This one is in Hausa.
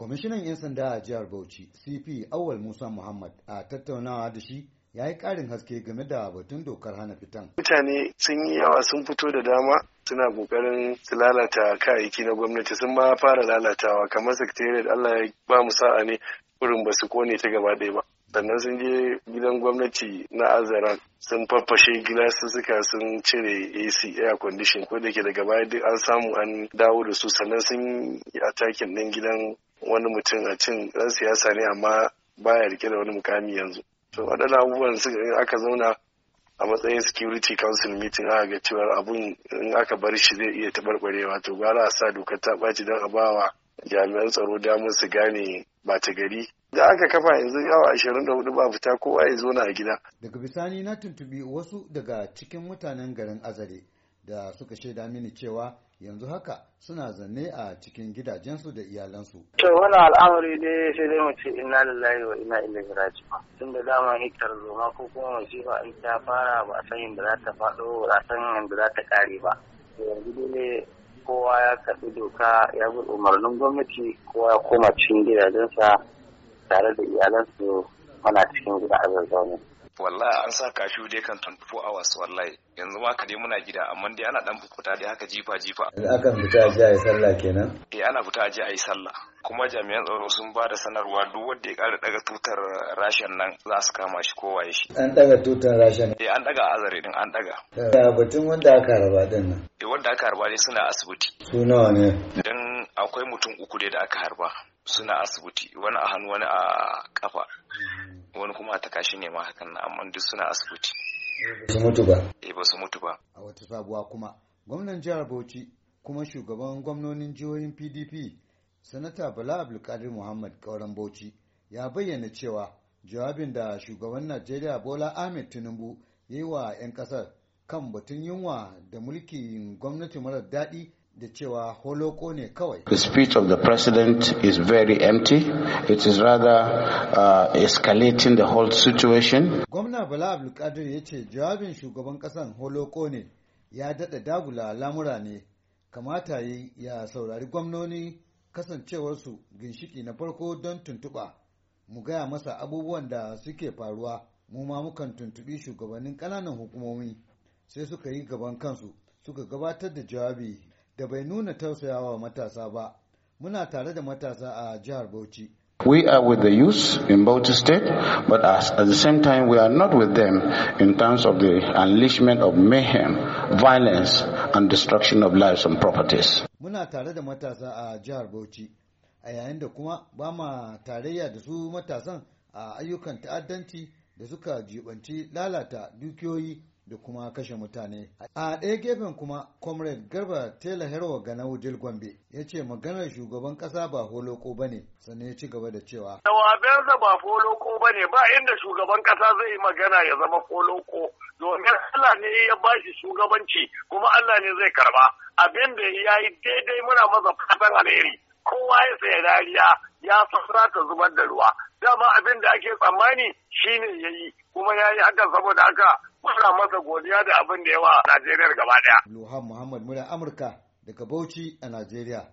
kwamishinan 'yan sanda a jihar bauchi cp awal musa muhammad a tattaunawa da shi ya yi ƙarin haske game da batun dokar hana fitan. Mutane sun yi yawa sun fito da dama suna ƙoƙarin su lalata kayayyaki na gwamnati sun ma fara lalatawa kamar secretariat Allah ya ba mu sa'a ne wurin ba su kone ta gaba ɗaya ba. Sannan sun je gidan gwamnati na Azara sun farfashe suka sun cire AC air condition ko da ke daga baya duk an samu an dawo da su sannan sun yi atakin ɗin gidan wani mutum a cin ɗan siyasa ne amma baya rike da wani mukami yanzu to waɗannan abubuwan su in aka zauna a matsayin security council meeting aka ga cewa abun in aka bar shi zai iya taɓarɓarewa to gara a sa dokar ta ɓaci don a ba wa jami'an tsaro damar su gane ta gari da aka kafa yanzu yawa ashirin da hudu ba fita kowa ya zo na a gida daga bisani na tuntubi wasu daga cikin mutanen garin azare da suka shaida mini cewa yanzu haka suna zanne a cikin gidajensu da iyalansu. To wani al'amari ne sai dai mu ce inna lillahi wa inna ilaihi raji'un. Tun da dama hikar zoma ko kuma musifa in ta fara ba a san yadda za ta faɗo ba a san yadda za ta ƙare ba. Yanzu dole kowa ya karɓi doka ya bi umarnin gwamnati kowa ya koma cikin gidajensa tare da iyalansu mana cikin gida a zazzaunin. wallahi an sa kashu dai kan 24 hours wallahi yanzu ma ka dai muna gida amma dai ana dan fukuta dai haka jifa jifa akan fita ji ayi sallah kenan eh ana fita ji ayi sallah kuma jami'an tsaro sun ba da sanarwa duk wanda ya kara daga tutar rashin nan za su kama shi ko waye shi an daga tutar rashin eh an daga azare din an daga da batun wanda aka harba din nan eh wanda aka harba ne suna asibiti su nawa ne dan akwai mutum uku dai da aka harba suna asibiti wani a hannu wani a kafa hmm. wani kuma a takashi shi ne ma hakan na amma duk suna asibiti. Eh, ba su mutu ba. Eh ba su mutu ba. A wata sabuwa kuma gwamnan jihar Bauchi kuma shugaban gwamnonin jihohin PDP sanata Bala Abdulkadir Muhammad Kauran Bauchi ya bayyana cewa jawabin da shugaban Najeriya Bola Ahmed Tinubu ya yi wa 'yan kasar kan batun yunwa da mulkin gwamnati marar daɗi da cewa holoko ne kawai. The speech of the president is very empty. It is rather uh, escalating the whole situation. Gwamna Bala Abdulkadir ya ce jawabin shugaban kasan holoko ne ya daɗa dagula lamura ne kamata ya saurari gwamnoni kasancewarsu ginshiki na farko don tuntuɓa mu gaya masa abubuwan da suke faruwa mu ma mukan tuntuɓi shugabannin ƙananan hukumomi sai suka yi gaban kansu suka gabatar da jawabi da bai nuna tausayawa matasa ba. Muna tare da matasa a jihar Bauchi. We are with the youth in Bauchi State, but as, at the same time, we are not with them in terms of the unleashment of mayhem, violence, and destruction of lives and properties. Muna tare da matasa a jihar Bauchi, a yayin da kuma ba ma tarayya da su matasan a ayyukan ta'addanci da suka jibanci lalata dukiyoyi da kuma kashe mutane. A ɗaya gefen kuma, Comrade Garba Tela Herwa Ganau Dil Gombe ya ce maganar shugaban ƙasa ba holoko ba ne, sannan ya ci gaba da cewa. Jawabensa ba holoko ba ne, ba inda shugaban ƙasa zai magana ya zama holoko. Domin Allah ne ya ba shi shugabanci, kuma Allah ne zai karba. Abin da ya yi daidai muna masa fatan alheri. Kowa ya saya dariya ya fara ta zubar da ruwa. Dama abin da ake tsammani shine ya yi, kuma ya yi hakan saboda haka muna masa godiya da abin da yawa a Najeriya gaba daya. Lohan Muhammad muna Amurka daga Bauchi a Najeriya.